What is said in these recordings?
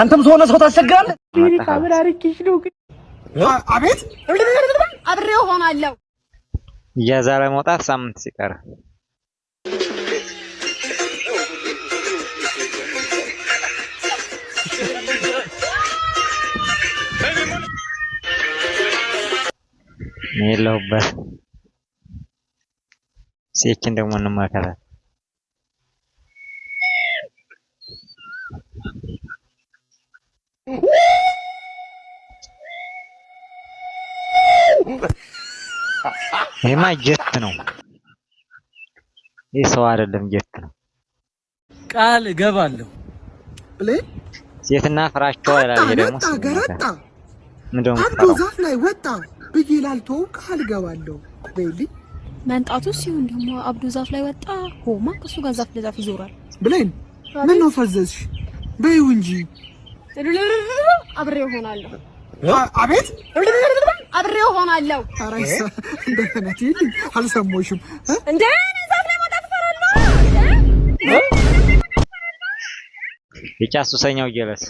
አንተም ሰሆነ ሰው ታስቸግራለህ። አቤት አብሬው ሆናለሁ። እጃዛ ለመውጣት ሳምንት ሲቀር የለሁበት ሴችን ደግሞ እንመለከታለን። ይሄማ ጀት ነው። ይህ ሰው አይደለም፣ ጀት ነው። ቃል እገባለሁ። ፕሌን ሴትና ፍራቸው ይላል። ይሄ ደግሞ ሀገር ወጣ ምንድነው? አንዱ ዛፍ ላይ ወጣ ብዬ ላልተው ቃል እገባለሁ። በይልኝ መንጣቱ ሲሆን ደግሞ አብዱ ዛፍ ላይ ወጣ። ሆማ እሱ ጋር ዛፍ ለዛፍ ይዞራል። ብሌን ምን ነው ፈዘዝሽ? በይው እንጂ አብሬ ሆናለሁ። አቤት አብሬው ሆናለሁ። አልሰማሽም እንዴ? ዛፍ ላይ መውጣት የጫት ሱሰኛው ጀለስ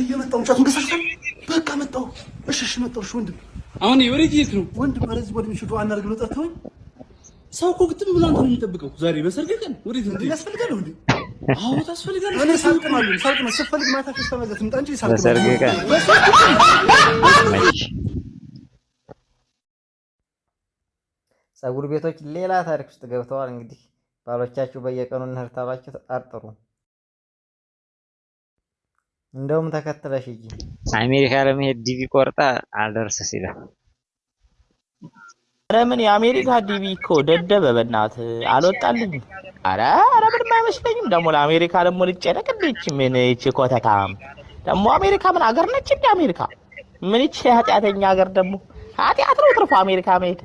እየመጣሁ ጫቱን ገሳሽታል። በቃ መጣሁ። እሺ፣ እሺ፣ መጣሁ። እሺ ወንድም፣ አሁን የወሬት የት ነው ወንድም? ወደዚህ ወደ ምሽቱ አናርግ ነው። ጠጥተውኝ ሰው እኮ ግጥም ብሎ አንተን የሚጠብቀው ዛሬ በሰርግ ቀን ወዴት ነው ያስፈልጋል እንዴ? ፀጉር ቤቶች ሌላ ታሪክ ውስጥ ገብተዋል። እንግዲህ ባሎቻችሁ በየቀኑ እንህርታባችሁ አርጥሩ። እንደውም ተከትለሽ ሂጂ። አሜሪካ ለመሄድ ዲቪ ቆርጣ አልደርስ ሲላ ኧረ ምን የአሜሪካ ዲቪ እኮ ደደበ በእናት አልወጣልኝም። አረ አረ ምንም አይመስለኝም። ደግሞ ለአሜሪካ ደግሞ ልጨነቅ እንደ ምን ይህቺ ኮተታም ደግሞ አሜሪካ ምን አገር ነች? እንደ አሜሪካ ምን ይህቺ ኃጢአተኛ አገር ደግሞ ኃጢአት ነው ትርፎ አሜሪካ መሄድ።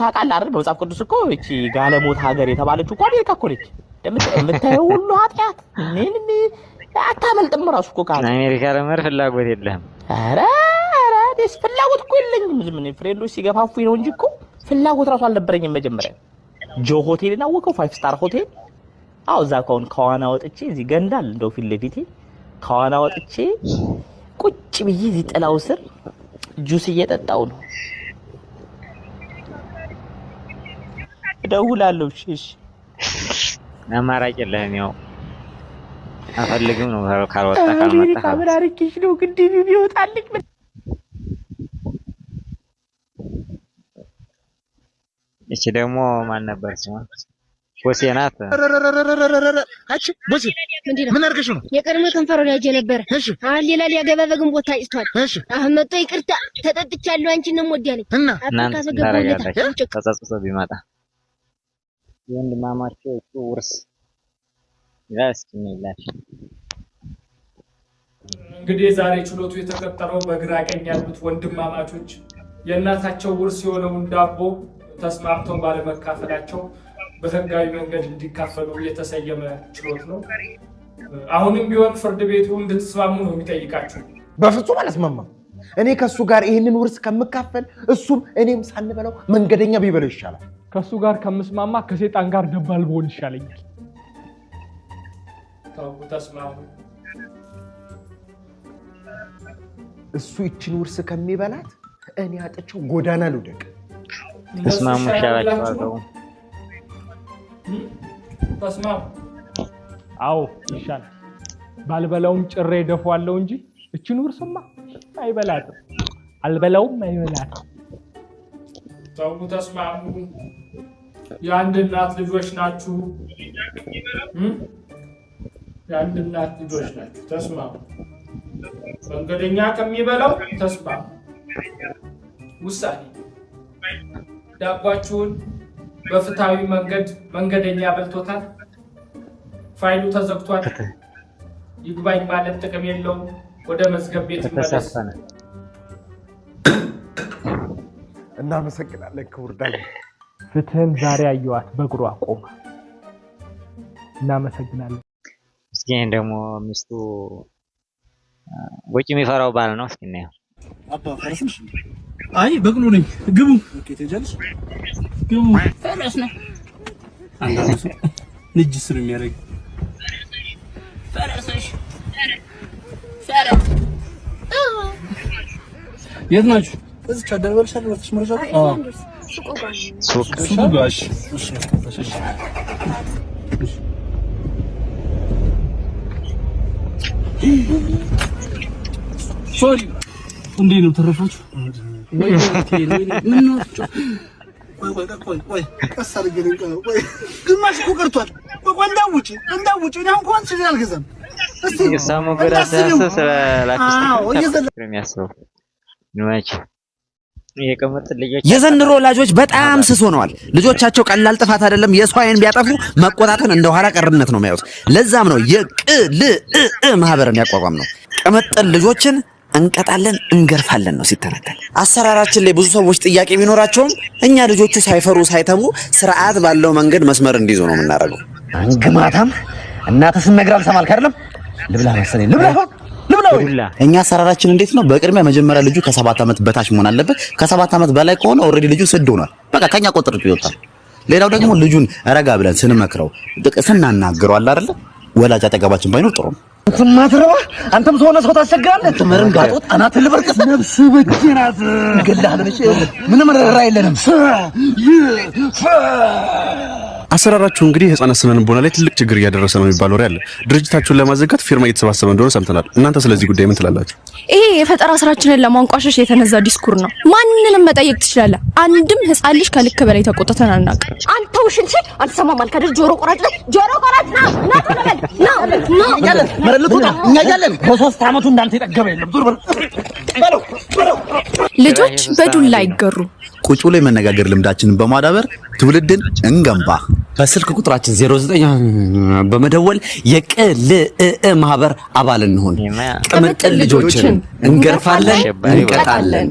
ታውቃለህ አይደል በመጽሐፍ ቅዱስ እኮ ይህቺ ጋለሞት ሀገር የተባለችው እኮ አሜሪካ እኮ ነች። የምታየው ሁሉ ኃጢአት ምን አታመልጥም። ራሱ እኮ ከአሜሪካ ለመር ፍላጎት የለህም አረ ስ ፍላጎት እኮ የለኝም። ዝም ብለህ ፍሬንዶች ሲገፋፉኝ ነው እንጂ እኮ ፍላጎት ራሱ አልነበረኝም። መጀመሪያ ጆ ሆቴል እናወቀው ፋይቭ ስታር ሆቴል። አዎ እዛ ከሆን ከዋና ወጥቼ እዚህ ገንዳል እንደው ፊት ለፊቴ ከዋና ወጥቼ ቁጭ ብዬ እዚህ ጥላው ስር ጁስ እየጠጣው ነው። እደውላለሁ። ሽሽ አማራጭ የለህም ያው አፈልግም ነው ካልወጣ ካልመጣ አብራሪክሽ ነው ግድ ቢወጣልኝ እቺ ደግሞ ማን ነበር? ሲሆን ቦሴ ናት። አንቺ ቦሴ ምን አድርገሽ ነው? የቀድሞ ከንፈሮ እሺ፣ አሁን ሌላ ሊያገባ በግንቦት ታጭቷል። እሺ፣ አሁን መጥቶ ይቅርታ ተጠጥቻለሁ፣ አንቺን ነው እና እናንተ ቢመጣ የወንድማማቸው እሱ ውርስ ይላስ ይላል። እንግዲህ ዛሬ ችሎቱ የተቀጠረው በግራ ቀኝ ያሉት ወንድማማቾች የእናታቸው ውርስ የሆነውን ዳቦ ተስማምተው ባለመካፈላቸው በህጋዊ መንገድ እንዲካፈሉ የተሰየመ ችሎት ነው። አሁንም ቢሆን ፍርድ ቤቱ እንድትስማሙ ነው የሚጠይቃቸው። በፍጹም አላስማማም። እኔ ከእሱ ጋር ይህንን ውርስ ከምካፈል እሱም እኔም ሳንበላው መንገደኛ ቢበለው ይሻላል። ከእሱ ጋር ከምስማማ ከሴጣን ጋር ደባል ብሆን ይሻለኛል። ተስማሙ። እሱ ይችን ውርስ ከሚበላት እኔ አጥቼው ጎዳና ልውደቅ። ተስማሙ ይሻላችኋል። ተስማሙ። አዎ ይሻል። ባልበላውም ጭሬ ደፏለው እንጂ እች ስማ አይበላትም። አልበላውም አይበላትም። ተው ተስማሙ። የአንድ እናት ልጆች ናችሁ። የአንድ እናት ልጆች ናችሁ። ተስማሙ። መንገደኛ ከሚበላው ተስማሙ። ውሳኔ ዳቧችሁን በፍትሐዊ መንገድ መንገደኛ በልቶታል። ፋይሉ ተዘግቷል። ይግባኝ ማለት ጥቅም የለውም። ወደ መዝገብ ቤት መለስ። እናመሰግናለን ክቡር ዳኛ። ፍትህን ዛሬ አየዋት በእግሯ ቆማ። እናመሰግናለን። እስኪ ደግሞ ሚስቱ ውጭ የሚፈራው ባል ነው። እስኪ እናየው አባ ፈረስ ነሽ? አይ በቅሎ ነኝ። ግቡ። ኦኬ፣ ትሄጃለሽ? ግቡ። ፈረስ ነህ? አንዳንዱ ሰው ንጅስ ነው የሚያደርግ። ፈረስ ነሽ? ፈረስ የት ናችሁ? እዚህ ቻደርበልሻል ወጥሽ መረጃ አዎ ሱቅ ጋሽ እሺ እሺ እሺ ሶሪ እንዴት ነው ተረፋችሁ? ግማሽ እኮ ቀርቷል። እንዳውጪ እንዳውጪ አልገዛም የዘንድሮ ወላጆች በጣም ስስ ሆነዋል። ልጆቻቸው ቀላል ጥፋት አይደለም አይን ቢያጠፉ መቆጣትን እንደ ኋላ ቀርነት ነው የሚያዩት። ለዛም ነው የቅል ማህበርን ያቋቋም ነው ቅምጥል ልጆችን እንቀጣለን፣ እንገርፋለን ነው ሲተነተን። አሰራራችን ላይ ብዙ ሰዎች ጥያቄ ቢኖራቸውም እኛ ልጆቹ ሳይፈሩ ሳይተሙ ስርዓት ባለው መንገድ መስመር እንዲይዙ ነው የምናደርገው። እንግማታም እናትህ ስነግር አልሰማልክ አይደለም። ልብላ መሰለኝ ልብላ እኛ አሰራራችን እንዴት ነው? በቅድሚያ መጀመሪያ ልጁ ከሰባት ዓመት በታች መሆን አለበት። ከሰባት ዓመት በላይ ከሆነ ኦልሬዲ ልጁ ስድ ሆኗል። በቃ ከኛ ቆጥር ይወጣል። ሌላው ደግሞ ልጁን ረጋ ብለን ስንመክረው ስናናግረው አለ አይደለ ወላጅ አጠገባችን ባይኖር ጥሩ ነው። ማትረባ አንተም ሰው ሰው ታሰጋለህ። ትምህርም ጋጦት አናት ልበርቅስ ነብስ በጅራት ገላህን ልጅ ምንም ረራ የለንም። አሰራራችሁ እንግዲህ ህጻናት ስነ ልቦና ላይ ትልቅ ችግር እያደረሰ ነው የሚባል ወሬ አለ። ድርጅታችሁን ለማዘጋት ፊርማ እየተሰባሰበ እንደሆነ ሰምተናል። እናንተ ስለዚህ ጉዳይ ምን ትላላችሁ? ይሄ የፈጠራ ስራችንን ለማንቋሸሽ የተነዛ ዲስኩር ነው። ማንንም መጠየቅ ትችላለህ። አንድም ህጻን ልጅ ከልክ በላይ ተቆጥተን አናውቅም። አንተ አስታውሽን ሲ አልሰማም አልካደር ጆሮ ቆራጭ ላይ ጆሮ ቆራጭ ና ና ና ና ያለን መረልቱ እኛ ያለን በሶስት አመቱ እንዳንተ የጠገበ የለም። ዙር በል ልጆች በዱላ አይገሩ። ቁጭ ላይ መነጋገር ልምዳችንን በማዳበር ትውልድን እንገንባ። በስልክ ቁጥራችን 09 በመደወል የቅልእ ማህበር አባል እንሆን። ቅምጥል ልጆችን እንገርፋለን፣ እንቀጣለን።